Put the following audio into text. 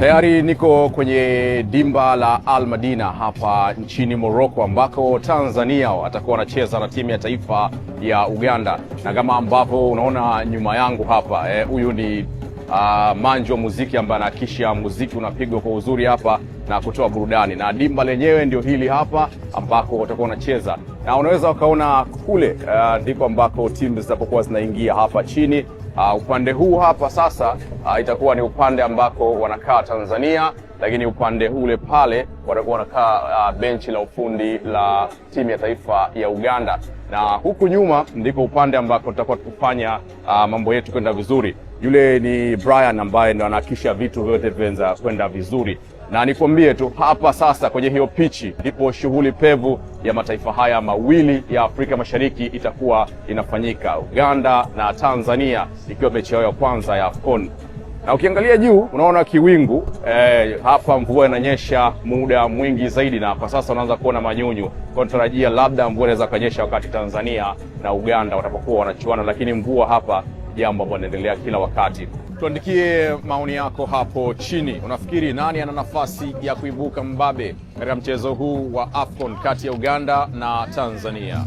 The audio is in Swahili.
Tayari niko kwenye dimba la Al Madina hapa nchini Morocco ambako Tanzania watakuwa wanacheza na timu ya taifa ya Uganda, na kama ambavyo unaona nyuma yangu hapa eh, huyu eh, ni uh, ah, manji wa muziki ambaye anahakikisha muziki unapigwa kwa uzuri hapa na kutoa burudani, na dimba lenyewe ndio hili hapa ambako watakuwa wanacheza, na unaweza ukaona kule ah, ndiko uh, ambako timu zinapokuwa zinaingia hapa chini Uh, upande huu hapa sasa uh, itakuwa ni upande ambako wanakaa Tanzania, lakini upande ule pale watakuwa wanakaa uh, benchi la ufundi la timu ya taifa ya Uganda, na huku nyuma ndiko upande ambako tutakuwa tukifanya uh, mambo yetu kwenda vizuri. Yule ni Brian ambaye ndo anahakisha vitu vyote vinaweza kwenda vizuri, na nikwambie tu hapa sasa, kwenye hiyo pichi ndipo shughuli pevu ya mataifa haya mawili ya Afrika Mashariki itakuwa inafanyika, Uganda na Tanzania, ikiwa mechi yao ya kwanza ya AFCON. Na ukiangalia juu unaona kiwingu eh, hapa mvua inanyesha muda mwingi zaidi, na kwa sasa unaanza kuona manyunyu. Kwa tarajia labda mvua inaweza kanyesha wakati Tanzania na Uganda watapokuwa wanachuana, lakini mvua hapa jambo ambalo linaendelea kila wakati. Tuandikie maoni yako hapo chini. Unafikiri nani ana nafasi ya kuibuka mbabe katika mchezo huu wa AFCON kati ya Uganda na Tanzania?